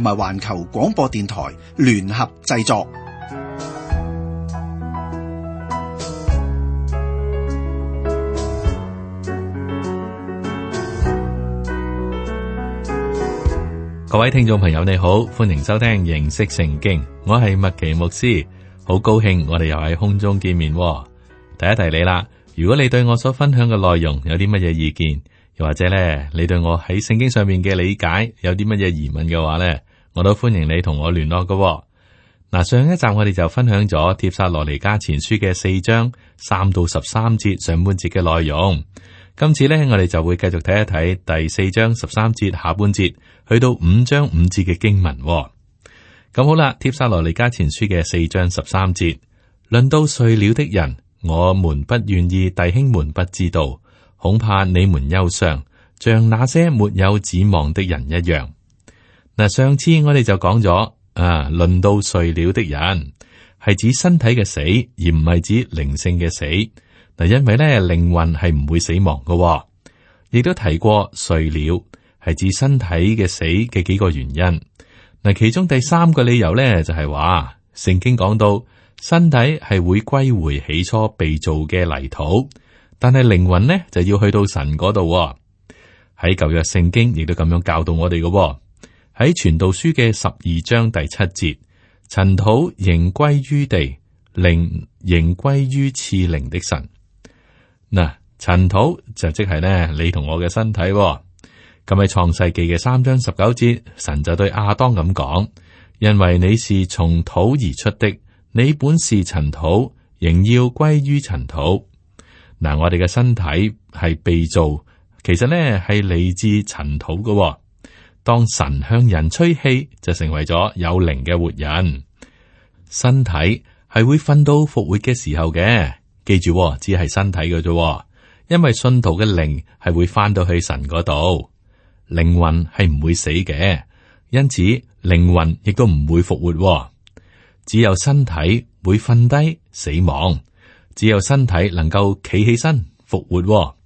同埋環球廣播電台聯合製作。各位聽眾朋友，你好，歡迎收聽認識聖經。我係麥奇牧師，好高興我哋又喺空中見面。提一提你啦，如果你對我所分享嘅內容有啲乜嘢意見，又或者咧，你對我喺聖經上面嘅理解有啲乜嘢疑問嘅話咧？我都歡迎你同我聯絡㗎喎。嗱。上一集我哋就分享咗帖撒羅尼迦前書嘅四章三到十三節上半節嘅內容。今次呢，我哋就會繼續睇一睇第四章十三節下半節去到五章五節嘅經文喎。咁好啦，帖撒羅尼迦前書嘅四章十三節，論到睡了的人，我們不願意弟兄們不知道，恐怕你們憂傷，像那些沒有指望的人一樣。嗱，上次我哋就講咗啊，論到睡了的人，係指身體嘅死，而唔係指靈性嘅死。嗱，因為咧靈魂係唔會死亡噶喎，亦都提過睡了係指身體嘅死嘅幾個原因。嗱，其中第三個理由咧就係、是、話，聖經講到身體係會歸回起初被造嘅泥土，但係靈魂咧就要去到神嗰度。喺舊約聖經亦都咁樣教導我哋噶喎。喺傳道書嘅十二章第七節，塵土仍歸於地，靈仍歸於賜靈的神。嗱、呃，塵土就即係呢，你同我嘅身體、哦。咁喺創世記嘅三章十九節，神就對亞當咁講：因為你是從土而出的，你本是塵土，仍要歸於塵土。嗱、呃，我哋嘅身體係被造，其實呢係嚟自塵土嘅、哦。當神向人吹氣，就成為咗有靈嘅活人。身體係會瞓到復活嘅時候嘅，記住喎，只係身體嘅啫。因為信徒嘅靈係會翻到去神嗰度，靈魂係唔會死嘅，因此靈魂亦都唔會復活喎。只有身體會瞓低死亡，只有身體能夠企起身復活喎。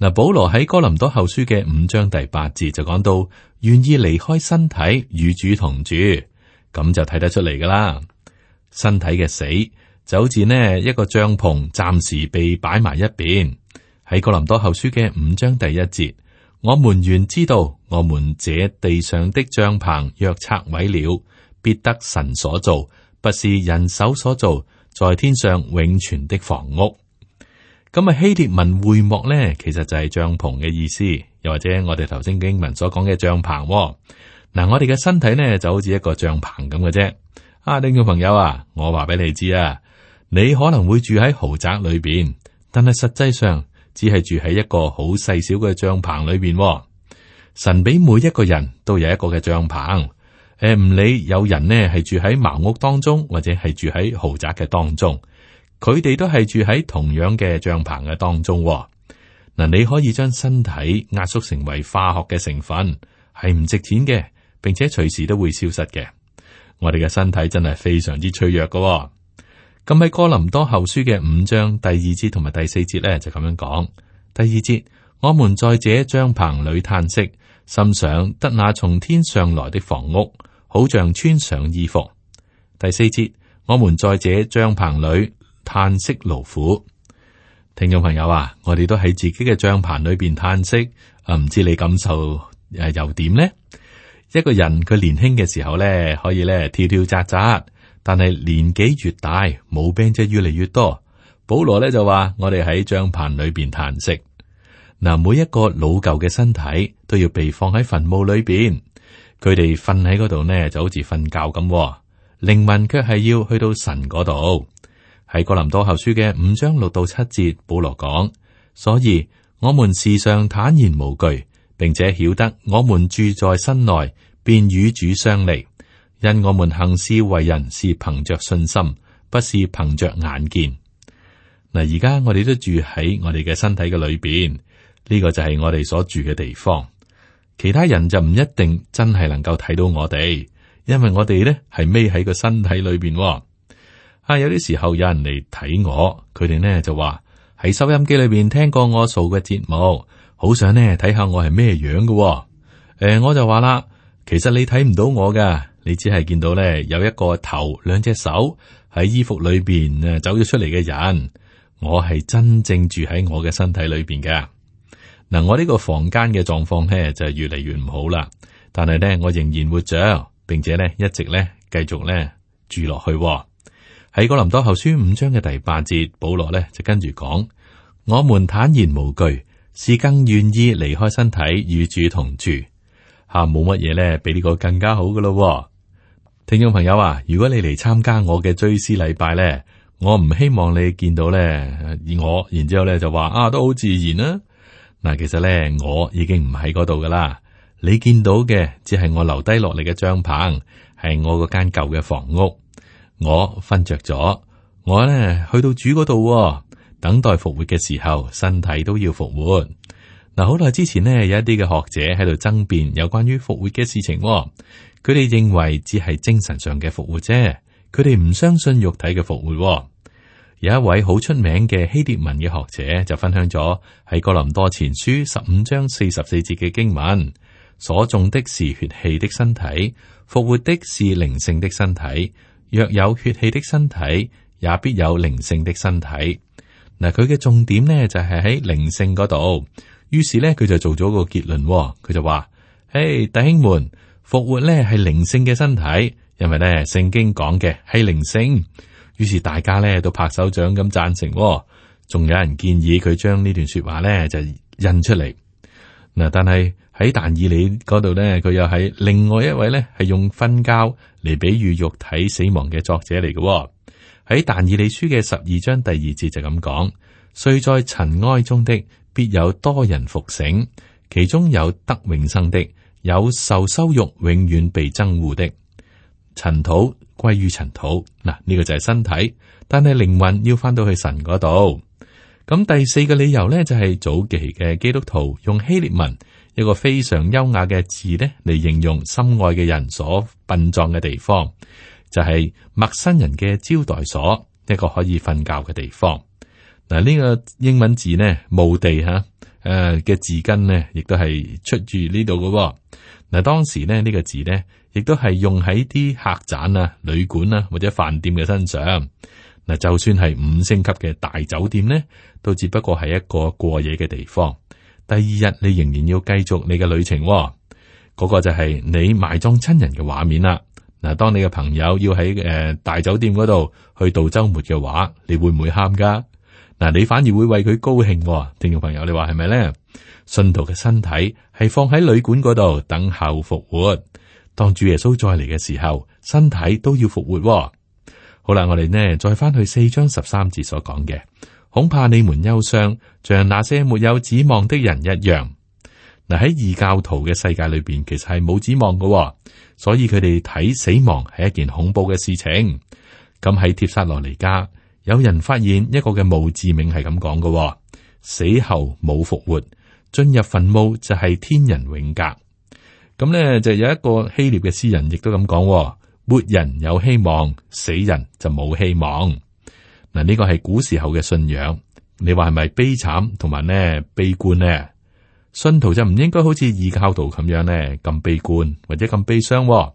嗱，保羅喺哥林多後書嘅五章第八節就講到，願意離開身體與主同住，咁就睇得出嚟㗎喇。身體嘅死就好似呢一個帳篷，暫時被擺埋一邊。喺哥林多後書嘅五章第一節，我們原知道，我們這地上的帳篷若拆毀了，必得神所造，不是人手所造，在天上永存的房屋。咁啊，希臘文會幕咧，其實就係帳篷嘅意思，又或者我哋頭先經文所講嘅帳篷、哦。嗱，我哋嘅身體咧，就好似一個帳篷咁嘅啫。啊，另一朋友啊，我話俾你知啊，你可能會住喺豪宅裏邊，但係實際上只係住喺一個好細小嘅帳篷裏邊、哦。神俾每一個人都有一個嘅帳篷。誒、呃，唔理有人呢，係住喺茅屋當中，或者係住喺豪宅嘅當中。佢哋都係住喺同樣嘅帳篷嘅當中嗱、哦。你可以將身體壓縮成為化學嘅成分，係唔值錢嘅，並且隨時都會消失嘅。我哋嘅身體真係非常之脆弱噶、哦。咁喺哥林多後書嘅五章第二節同埋第四節咧，就咁樣講。第二節，我們在這帳棚裏嘆息，心想得那從天上來的房屋，好像穿上衣服。第四節，我們在這帳棚裏。嘆息勞苦，聽眾朋友啊，我哋都喺自己嘅帳篷裏邊嘆息啊，唔知你感受又點呢？一個人佢年輕嘅時候咧，可以咧跳跳扎扎，但係年紀越大，毛病即越嚟越多。保羅咧就話，我哋喺帳篷裏邊嘆息。嗱，每一個老舊嘅身體都要被放喺墳墓裏邊，佢哋瞓喺嗰度呢，就好似瞓覺咁，靈魂卻係要去到神嗰度。喺哥林多後書嘅五章六到七節，保羅講：所以我們時常坦然無懼，並且曉得我們住在身內，便與主相離。因我們行事為人是憑着信心，不是憑着眼見。嗱，而家我哋都住喺我哋嘅身體嘅裏邊，呢個就係我哋所住嘅地方。其他人就唔一定真係能夠睇到我哋，因為我哋咧係孭喺個身體裏邊。啊，有啲時候有人嚟睇我，佢哋呢就話喺收音機裏邊聽過我做嘅節目，好想呢睇下我係咩樣嘅、哦。誒、呃，我就話啦，其實你睇唔到我嘅，你只係見到咧有一個頭、兩隻手喺衣服裏邊誒走咗出嚟嘅人。我係真正住喺我嘅身體裏邊嘅。嗱、呃，我呢個房間嘅狀況呢就係越嚟越唔好啦，但係呢我仍然活着，並且呢一直呢繼續呢，繼續呢住落去、哦。喺哥林多後書五章嘅第八節，保羅咧就跟住講：我們坦然無懼，是更願意離開身體與主同住。吓、啊，冇乜嘢咧，比呢個更加好噶咯、哦。聽眾朋友啊，如果你嚟參加我嘅追思禮拜咧，我唔希望你見到咧我，然之後咧就話啊都好自然啦、啊。嗱、啊，其實咧我已經唔喺嗰度噶啦，你見到嘅只係我留低落嚟嘅帳篷，係我嗰間舊嘅房屋。我瞓着咗，我呢去到主嗰度、哦，等待復活嘅時候，身體都要復活。嗱、啊，好耐之前呢，有一啲嘅學者喺度爭辯有關於復活嘅事情、哦。佢哋認為只係精神上嘅復活啫，佢哋唔相信肉體嘅復活、哦。有一位好出名嘅希臘文嘅學者就分享咗喺哥林多前書十五章四十四節嘅經文，所種的是血氣的身體，復活的是靈性的身體。若有血氣的身體，也必有靈性的身體。嗱，佢嘅重點呢，就係喺靈性嗰度。於是呢，佢就做咗個結論，佢就話：，嘿、hey,，弟兄們，復活呢係靈性嘅身體，因為呢聖經講嘅係靈性。於是大家呢都拍手掌咁贊成。仲有人建議佢將呢段說話呢就印出嚟。嗱，但係。喺但以理嗰度呢，佢又係另外一位呢係用瞓覺嚟比喻肉體死亡嘅作者嚟嘅、哦。喺但以理書嘅十二章第二節就咁講：，睡在塵埃中的，必有多人復醒，其中有得永生的，有受羞辱、永遠被憎惡的。塵土歸於塵土，嗱呢、啊這個就係身體，但係靈魂要翻到去神嗰度。咁第四個理由呢，就係、是、早期嘅基督徒用希臘文。一個非常優雅嘅字咧，嚟形容心愛嘅人所殯葬嘅地方，就係、是、陌生人嘅招待所，一個可以瞓覺嘅地方。嗱，呢個英文字咧，墓地吓、啊，誒、呃、嘅字根咧，亦都係出自呢度嘅。嗱，當時咧呢、這個字呢，亦都係用喺啲客棧啊、旅館啊或者飯店嘅身上。嗱，就算係五星級嘅大酒店咧，都只不過係一個過夜嘅地方。第二日你仍然要繼續你嘅旅程，哦，嗰，那個就係你埋葬親人嘅畫面啦。嗱，當你嘅朋友要喺誒、呃、大酒店嗰度去度周末嘅話，你會唔會喊㗎？嗱，你反而會為佢高興，哦，聽眾朋友，你話係咪咧？信徒嘅身體係放喺旅館嗰度等候復活，當主耶穌再嚟嘅時候，身體都要復活，哦。好啦，我哋呢再返去四章十三節所講嘅。恐怕你們憂傷，像那些沒有指望的人一樣。嗱，喺異教徒嘅世界裏邊，其實係冇指望噶，所以佢哋睇死亡係一件恐怖嘅事情。咁喺帖撒羅尼加，有人發現一個嘅墓誌銘係咁講嘅：死後冇復活，進入墳墓就係天人永隔。咁呢，就有一個希臘嘅詩人亦都咁講：活人有希望，死人就冇希望。嗱，呢個係古時候嘅信仰，你話係咪悲慘同埋呢悲觀呢？信徒就唔應該好似異教徒咁樣呢，咁悲觀或者咁悲傷。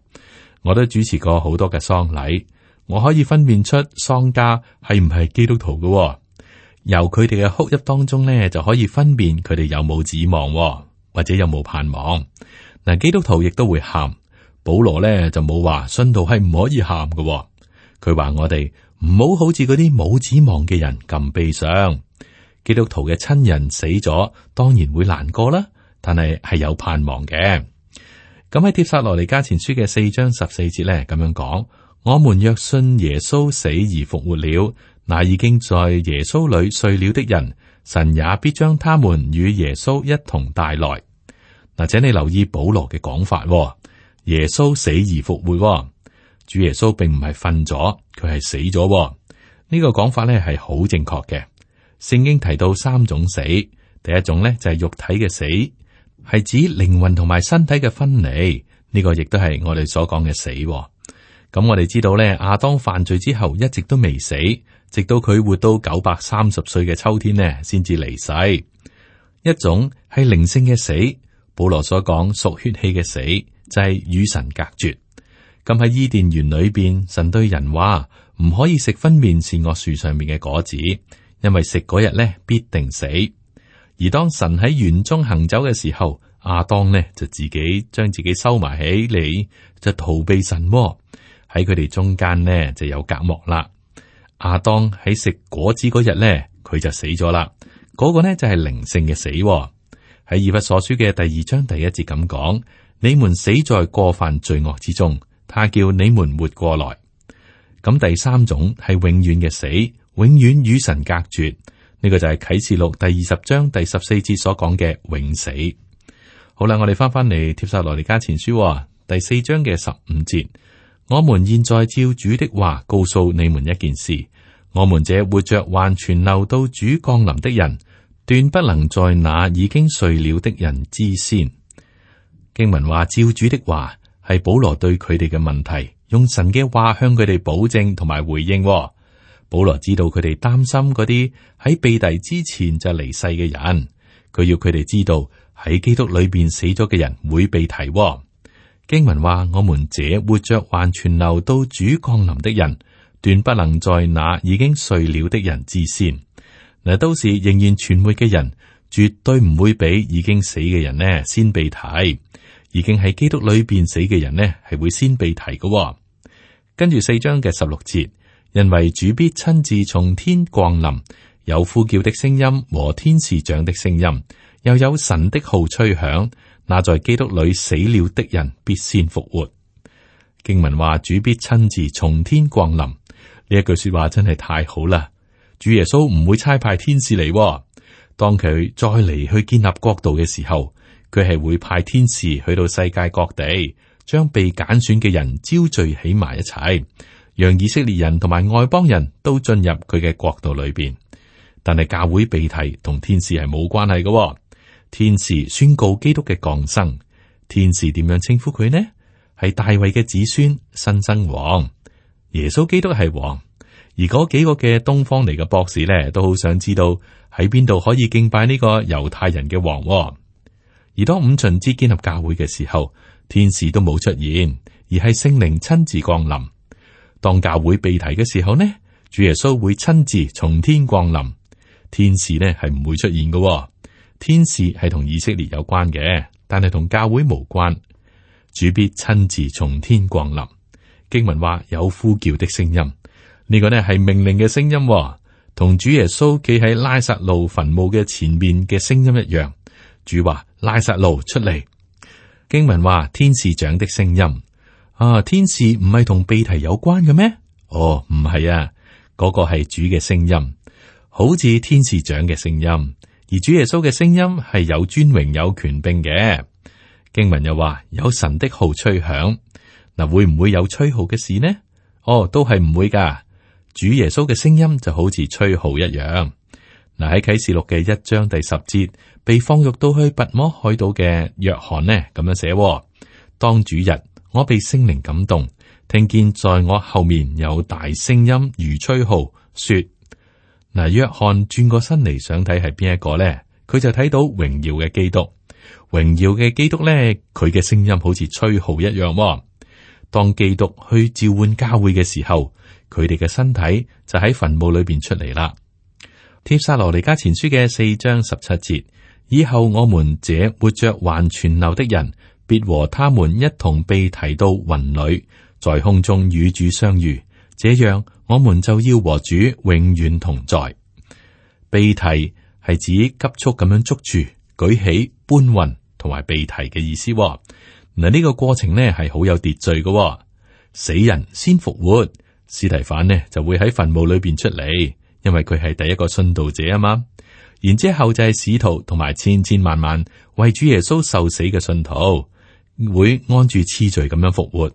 我都主持過好多嘅喪禮，我可以分辨出喪家係唔係基督徒㗎，由佢哋嘅哭泣當中呢，就可以分辨佢哋有冇指望或者有冇盼望。嗱，基督徒亦都會喊，保羅呢就冇話信徒係唔可以喊嘅。佢話我哋唔好好似嗰啲冇指望嘅人咁悲傷，基督徒嘅親人死咗，當然會難過啦。但係係有盼望嘅。咁喺帖撒羅尼迦前書嘅四章十四節呢，咁樣講：我們若信耶穌死而復活了，那已經在耶穌裏睡了的人，神也必將他們與耶穌一同帶來。嗱，請你留意保羅嘅講法，哦，耶穌死而復活，哦。主耶穌並唔係瞓咗，佢係死咗。呢個講法咧，係好正確嘅。聖經提到三種死，第一種咧，就係肉體嘅死，係指靈魂同埋身體嘅分離。呢個亦都係我哋所講嘅死。咁我哋知道咧，亞當犯罪之後一直都未死，直到佢活到九百三十歲嘅秋天呢，先至離世。一種係靈性嘅死，保羅所講屬血氣嘅死，就係與神隔絕。咁喺伊甸園裏邊，神對人話唔可以食分辨善惡樹上面嘅果子，因為食嗰日咧必定死。而當神喺園中行走嘅時候，阿當咧就自己將自己收埋起嚟，就逃避神喎。喺佢哋中間呢就有隔膜啦。阿當喺食果子嗰日咧，佢就死咗啦。嗰個呢就係靈性嘅死哦。喺《以弗所書》嘅第二章第一節咁講：你們死在過犯罪惡之中。他叫你們活過來。咁第三種係永遠嘅死，永遠與神隔絕。呢、這個就係啟示錄第二十章第十四節所講嘅永死。好啦，我哋翻翻嚟帖撒羅尼迦前書第四章嘅十五節。我們現在照主的話告訴你們一件事：我們這活着還存留到主降臨的人，斷不能在那已經睡了的人之先。經文話照主的話。係保羅對佢哋嘅問題，用神嘅話向佢哋保證同埋回應。保羅知道佢哋擔心嗰啲喺被提之前就離世嘅人，佢要佢哋知道喺基督裏邊死咗嘅人會被提。經文話：我們這活着還存留到主降臨的人，斷不能在那已經睡了的人之先。嗱，到時仍然存活嘅人，絕對唔會比已經死嘅人呢先被提。已經喺基督裏邊死嘅人呢，係會先被提嘅、哦。跟住四章嘅十六節，因為主必親自從天降臨，有呼叫的聲音和天使長的聲音，又有神的號吹響，那在基督裏死了的人必先復活。經文話主必親自從天降臨，呢一句說話真係太好啦！主耶穌唔會差派天使嚟、哦，當佢再嚟去建立國度嘅時候。佢係會派天使去到世界各地，將被揀選嘅人招聚起埋一齊，讓以色列人同埋外邦人都進入佢嘅國度裏邊。但係教會被提同天使係冇關係嘅，哦。天使宣告基督嘅降生，天使點樣稱呼佢呢？係大衛嘅子孫，新生王。耶穌基督係王。而嗰幾個嘅東方嚟嘅博士呢，都好想知道喺邊度可以敬拜呢個猶太人嘅王，哦。而當五旬節建立教會嘅時候，天使都冇出現，而係聖靈親自降臨。當教會被提嘅時候呢，主耶穌會親自從天降臨，天使呢係唔會出現嘅、哦。天使係同以色列有關嘅，但係同教會無關。主必親自從天降臨。經文話有呼叫的聲音，呢個呢係命令嘅聲音、哦，同主耶穌企喺拉撒路墳墓嘅前面嘅聲音一樣。主話：拉撒路出嚟。經文話：天使長的聲音啊，天使唔係同被提有關嘅咩？哦，唔係啊，嗰、那個係主嘅聲音，好似天使長嘅聲音。而主耶穌嘅聲音係有尊榮、有權柄嘅。經文又話：有神的號吹響，嗱會唔會有吹號嘅事呢？哦，都係唔會㗎。主耶穌嘅聲音就好似吹號一樣。嗱喺啟示錄嘅一章第十節。被放逐到去拔摩海島嘅約翰呢，咁樣寫、哦。當主日，我被聖靈感動，聽見在我後面有大聲音如吹號，說：嗱，約翰轉過身嚟想睇係邊一個呢？佢就睇到榮耀嘅基督。榮耀嘅基督呢，佢嘅聲音好似吹號一樣、哦。當基督去召喚教會嘅時候，佢哋嘅身體就喺墳墓裏邊出嚟啦。帖撒羅尼迦前書嘅四章十七節。以後我們這活着還存留的人，必和他們一同被提到雲裏，在空中與主相遇，這樣我們就要和主永遠同在。被提係指急速咁樣捉住、舉起、搬運同埋被提嘅意思。嗱，呢個過程呢，係好有秩序嘅，死人先復活，司提反呢就會喺墳墓裏邊出嚟，因為佢係第一個殉道者啊嘛。然之後就係使徒同埋千千萬萬為主耶穌受死嘅信徒會按住次序咁樣復活。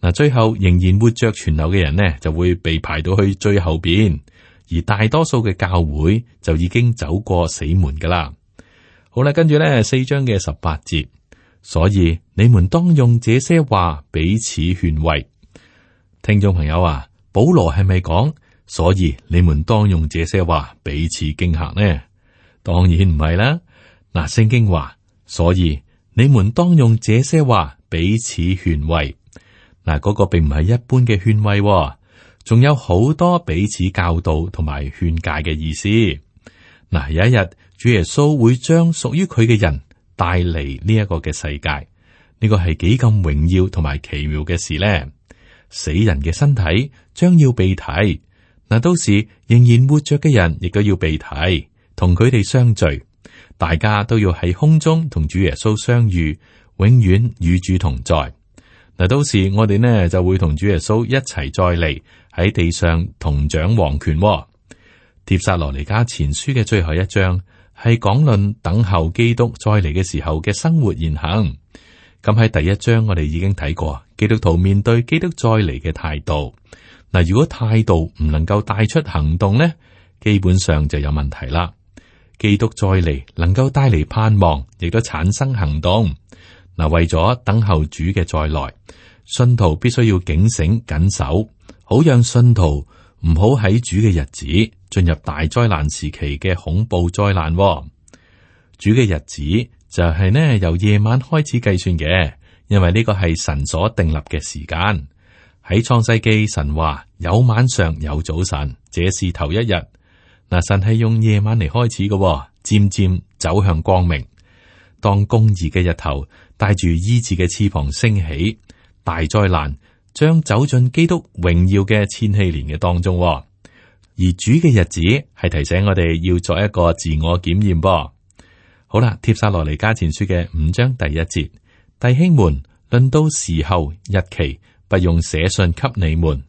嗱，最後仍然活着存留嘅人呢，就會被排到去最後邊。而大多數嘅教會就已經走過死門噶啦。好啦，跟住呢四章嘅十八節，所以你們當用這些話彼此勸慰。聽眾朋友啊，保羅係咪講？所以你們當用這些話彼此驚嚇呢？當然唔係啦。嗱，《聖經》話，所以你們當用這些話彼此勸慰。嗱，嗰個並唔係一般嘅勸慰喎。仲有好多彼此教導同埋勸解嘅意思。嗱，有一日主耶穌會將屬於佢嘅人帶嚟呢一個嘅世界，呢個係幾咁榮耀同埋奇妙嘅事咧。死人嘅身體將要被提，嗱，到時仍然活着嘅人亦都要被提。同佢哋相聚，大家都要喺空中同主耶穌相遇，永遠與主同在。嗱，到時我哋呢就會同主耶穌一齊再嚟喺地上同掌王權，哦。帖撒羅尼迦前書嘅最後一章係講論等候基督再嚟嘅時候嘅生活言行。咁喺第一章我哋已經睇過，基督徒面對基督再嚟嘅態度。嗱，如果態度唔能夠帶出行動呢，基本上就有問題啦。基督再嚟，能夠帶嚟盼望，亦都產生行動。嗱，為咗等候主嘅再來，信徒必須要警醒、緊守，好讓信徒唔好喺主嘅日子進入大災難時期嘅恐怖災難。主嘅日子就係呢由夜晚開始計算嘅，因為呢個係神所定立嘅時間。喺創世記神話，有晚上、有早晨，這是頭一日。嗱，神係用夜晚嚟開始嘅、哦，漸漸走向光明。當公義嘅日頭帶住醫治嘅翅膀升起，大災難將走進基督榮耀嘅千禧年嘅當中、哦。而主嘅日子係提醒我哋要作一個自我檢驗、哦。噃。好啦，帖撒羅尼迦前書嘅五章第一節，弟兄們，論到時候日期，不用寫信給你們。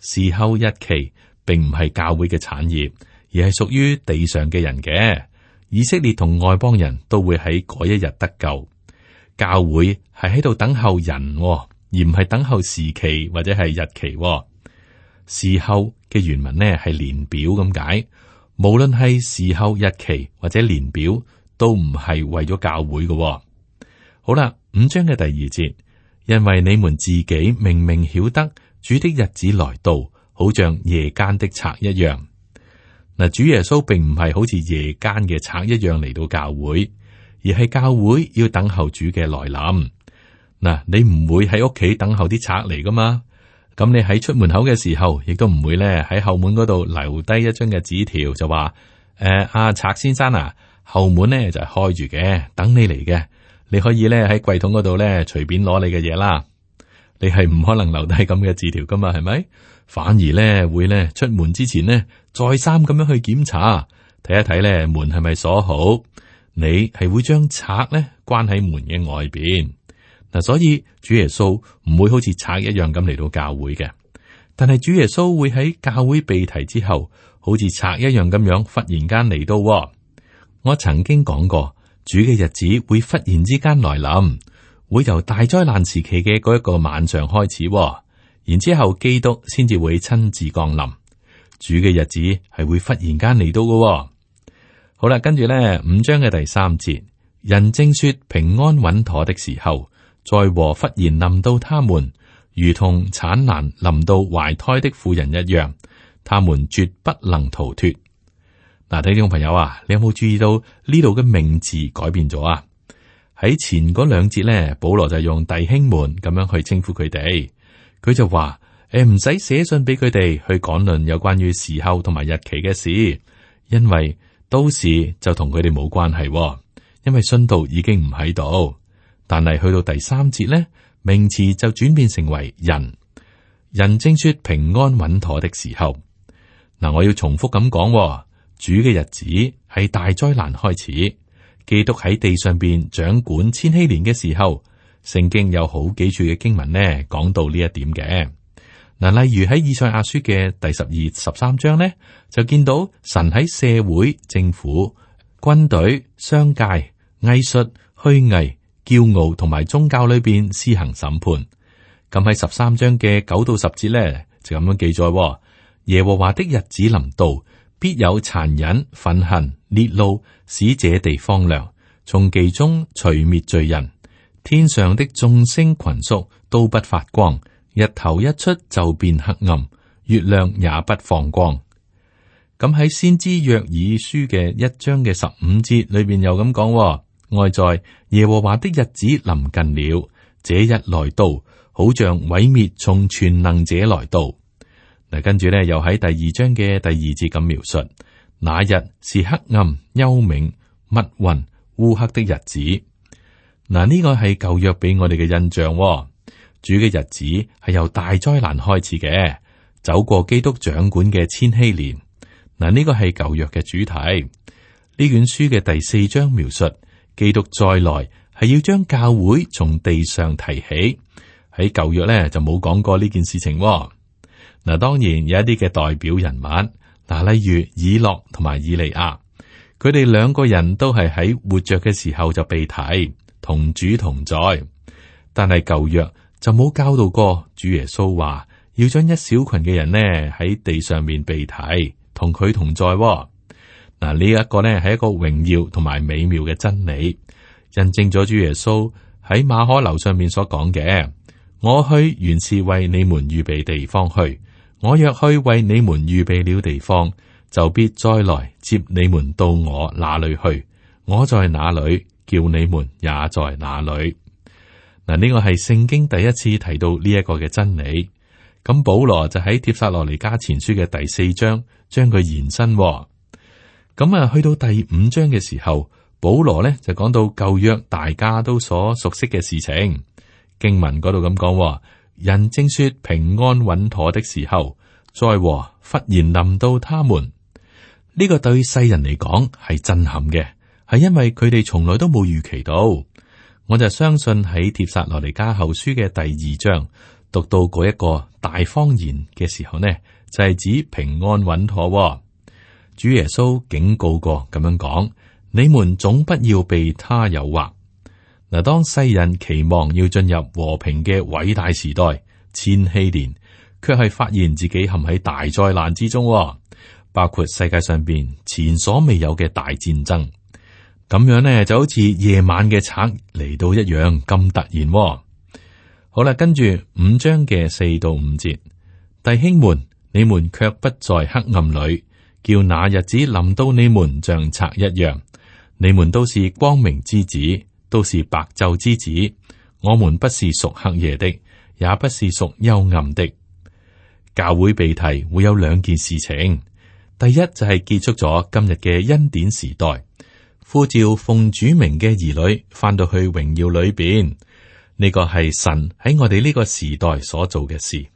時候日期並唔係教會嘅產業。而係屬於地上嘅人嘅，以色列同外邦人都會喺嗰一日得救。教會係喺度等候人、哦，而唔係等候時期或者係日期、哦。時候嘅原文呢係年表咁解，無論係時候日期或者年表，都唔係為咗教會嘅、哦。好啦，五章嘅第二節，因為你們自己明明曉得主的日子來到，好像夜間的賊一樣。嗱，主耶穌並唔係好似夜間嘅賊一樣嚟到教會，而係教會要等候主嘅來臨。嗱，你唔會喺屋企等候啲賊嚟噶嘛？咁你喺出門口嘅時候，亦都唔會咧喺後門嗰度留低一張嘅紙條，就話：誒，阿賊先生啊，後門咧就係開住嘅，等你嚟嘅，你可以咧喺櫃桶嗰度咧隨便攞你嘅嘢啦。你係唔可能留低咁嘅紙條噶嘛？係咪？反而咧會咧出門之前呢。」再三咁樣去檢查，睇一睇咧門係咪鎖好？你係會將賊咧關喺門嘅外邊嗱，所以主耶穌唔會好似賊一樣咁嚟到教會嘅。但係主耶穌會喺教會被提之後，好似賊一樣咁樣忽然間嚟到。我曾經講過，主嘅日子會忽然之間來臨，會由大災難時期嘅嗰一個晚上開始，然之後基督先至會親自降臨。主嘅日子係會忽然間嚟到嘅。哦，好啦，跟住呢五章嘅第三節，人正說平安穩妥的時候，災禍忽然臨到他們，如同產難臨到懷胎的婦人一樣，他們絕不能逃脫。嗱，啊，睇聽眾朋友啊，你有冇注意到呢度嘅名字改變咗啊？喺前嗰兩節呢，保羅就用弟兄們咁樣去稱呼佢哋，佢就話，誒，唔使寫信俾佢哋去講論有關於時候同埋日期嘅事，因為到時就同佢哋冇關係，因為信道已經唔喺度。但係去到第三節咧，名詞就轉變成為人。人正說平安穩妥的時候，嗱，我要重複咁講，主嘅日子係大災難開始。基督喺地上邊掌管千禧年嘅時候，聖經有好幾處嘅經文呢，講到呢一點嘅。嗱，例如喺以賽亞書嘅第十二、十三章呢，就見到神喺社會、政府、軍隊、商界、藝術、虛偽、驕傲同埋宗教裏邊施行審判。咁喺十三章嘅九到十節呢，就咁樣記載、哦：耶和華的日子臨到，必有殘忍、憤恨、烈怒，使這地荒涼，從其中除滅罪人。天上的眾星群宿都不發光。日頭一出就變黑暗，月亮也不放光。咁喺先知約珥書嘅一章嘅十五節裏邊又咁講，哀哉耶和華的日子臨近了，這日來到，好像毀滅從全能者來到。嗱，跟住呢，又喺第二章嘅第二節咁描述，那日是黑暗、幽冥、密雲、烏黑的日子。嗱，呢個係舊約俾我哋嘅印象。主嘅日子係由大災難開始嘅，走過基督掌管嘅千禧年。嗱，呢個係舊約嘅主題。呢卷書嘅第四章描述基督再來係要將教會從地上提起。喺舊約呢，就冇講過呢件事情。嗱，當然有一啲嘅代表人物，嗱，例如以諾同埋以利亞，佢哋兩個人都係喺活着嘅時候就被提同主同在，但係舊約。就冇教導過主耶穌話，要將一小群嘅人呢喺地上面被提，同佢同在、哦。嗱呢一個呢係一個榮耀同埋美妙嘅真理，印證咗主耶穌喺馬可樓上面所講嘅：我去原是為你們預備地方去，我若去為你們預備了地方，就必再來接你們到我那裏去，我在那裏，叫你們也在那裏。嗱，呢個係聖經第一次提到呢一個嘅真理，咁保羅就喺帖撒羅尼迦前書嘅第四章將佢延伸、哦，咁啊去到第五章嘅時候，保羅咧就講到舊約大家都所熟悉嘅事情，經文嗰度咁講，人正說平安穩妥的時候，災禍忽然臨到他們，呢、這個對世人嚟講係震撼嘅，係因為佢哋從來都冇預期到。我就相信喺《帖撒羅尼加後書》嘅第二章讀到嗰一個大謊言嘅時候呢，就係、是、指平安穩妥、哦。主耶穌警告過咁樣講：你們總不要被他誘惑。嗱，當世人期望要進入和平嘅偉大時代千禧年，卻係發現自己陷喺大災難之中、哦，包括世界上邊前所未有嘅大戰爭。咁樣呢就好似夜晚嘅賊嚟到一樣，咁突然、哦。好啦，跟住五章嘅四到五節，弟兄們，你們卻不在黑暗裏，叫那日子臨到你們像賊一樣。你們都是光明之子，都是白晝之子。我們不是屬黑夜的，也不是屬幽暗的。教會被提會有兩件事情，第一就係結束咗今日嘅恩典時代。呼召奉主名嘅兒女返到去榮耀裏邊，呢個係神喺我哋呢個時代所做嘅事。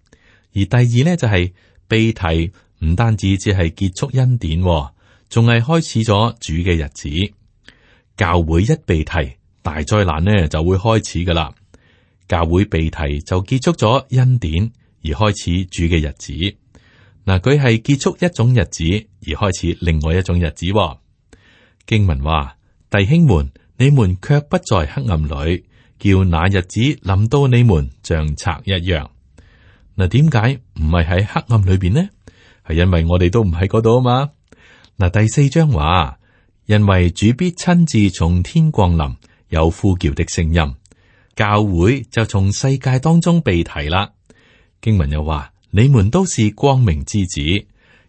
而第二呢、就是，就係被提，唔單止只係結束恩典，仲係開始咗主嘅日子。教會一被提，大災難呢就會開始噶啦。教會被提就結束咗恩典，而開始主嘅日子。嗱，佢係結束一種日子，而開始另外一種日子。經文話：弟兄們，你們卻不在黑暗裏，叫那日子臨到你們像賊一樣。嗱，點解唔係喺黑暗裏邊呢？係因為我哋都唔喺嗰度啊嘛。嗱，第四章話：因為主必親自從天降臨，有呼叫的聲音，教會就從世界當中被提啦。經文又話：你們都是光明之子，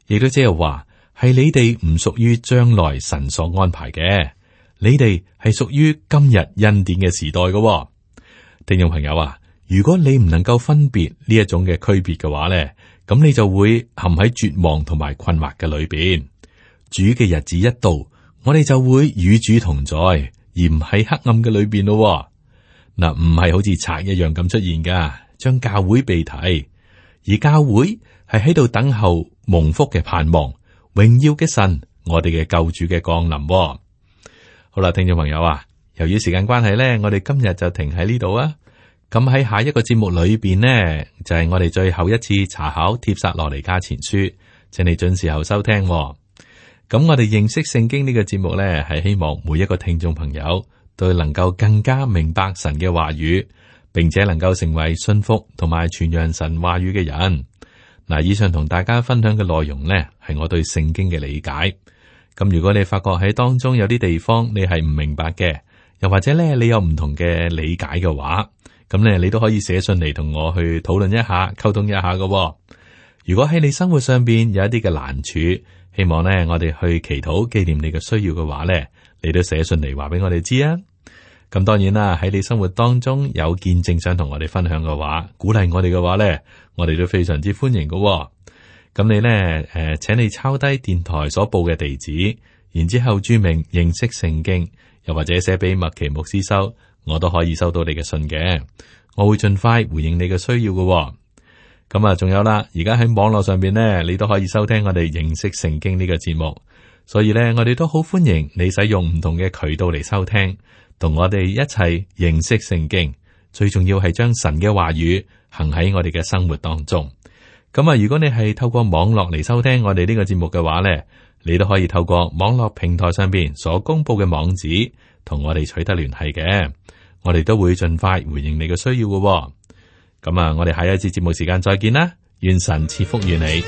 亦都即係話。係你哋唔屬於將來神所安排嘅，你哋係屬於今日恩典嘅時代嘅，哦。聽眾朋友啊，如果你唔能夠分別呢一種嘅區別嘅話咧，咁你就會陷喺絕望同埋困惑嘅裏邊。主嘅日子一到，我哋就會與主同在，而唔喺黑暗嘅裏邊咯，哦。嗱，呃，唔係好似賊一樣咁出現㗎，將教會被提，而教會係喺度等候蒙福嘅盼望。榮耀嘅神，我哋嘅救主嘅降臨、哦。好啦，聽眾朋友啊，由於時間關係呢，我哋今日就停喺呢度啊。咁喺下一個節目裏邊呢，就係、是、我哋最後一次查考帖撒羅尼迦前書，請你準時候收聽、哦。咁我哋認識聖經呢、這個節目呢，係希望每一個聽眾朋友都能夠更加明白神嘅話語，並且能夠成為信服同埋傳揚神話語嘅人。嗱，以上同大家分享嘅內容呢，係我對聖經嘅理解。咁如果你發覺喺當中有啲地方你係唔明白嘅，又或者咧你有唔同嘅理解嘅話，咁咧你都可以寫信嚟，同我去討論一下、溝通一下嘅。如果喺你生活上邊有一啲嘅難處，希望咧我哋去祈禱、紀念你嘅需要嘅話咧，你都寫信嚟話俾我哋知啊。咁當然啦，喺你生活當中有見證想同我哋分享嘅話，鼓勵我哋嘅話呢，我哋都非常之歡迎嘅喎。咁你呢，誒、呃，請你抄低電台所報嘅地址，然之後註明認識聖經，又或者寫俾麥奇牧師收，我都可以收到你嘅信嘅。我會盡快回應你嘅需要嘅喎。咁啊，仲有啦，而家喺網絡上邊呢，你都可以收聽我哋認識聖經呢個節目，所以呢，我哋都好歡迎你使用唔同嘅渠道嚟收聽。同我哋一齊認識聖經，最重要係將神嘅話語行喺我哋嘅生活當中。咁啊，如果你係透過網絡嚟收聽我哋呢個節目嘅話呢，你都可以透過網絡平台上邊所公布嘅網址，同我哋取得聯繫嘅。我哋都會盡快回應你嘅需要嘅。咁啊，我哋下一節節目時間再見啦，願神賜福與你。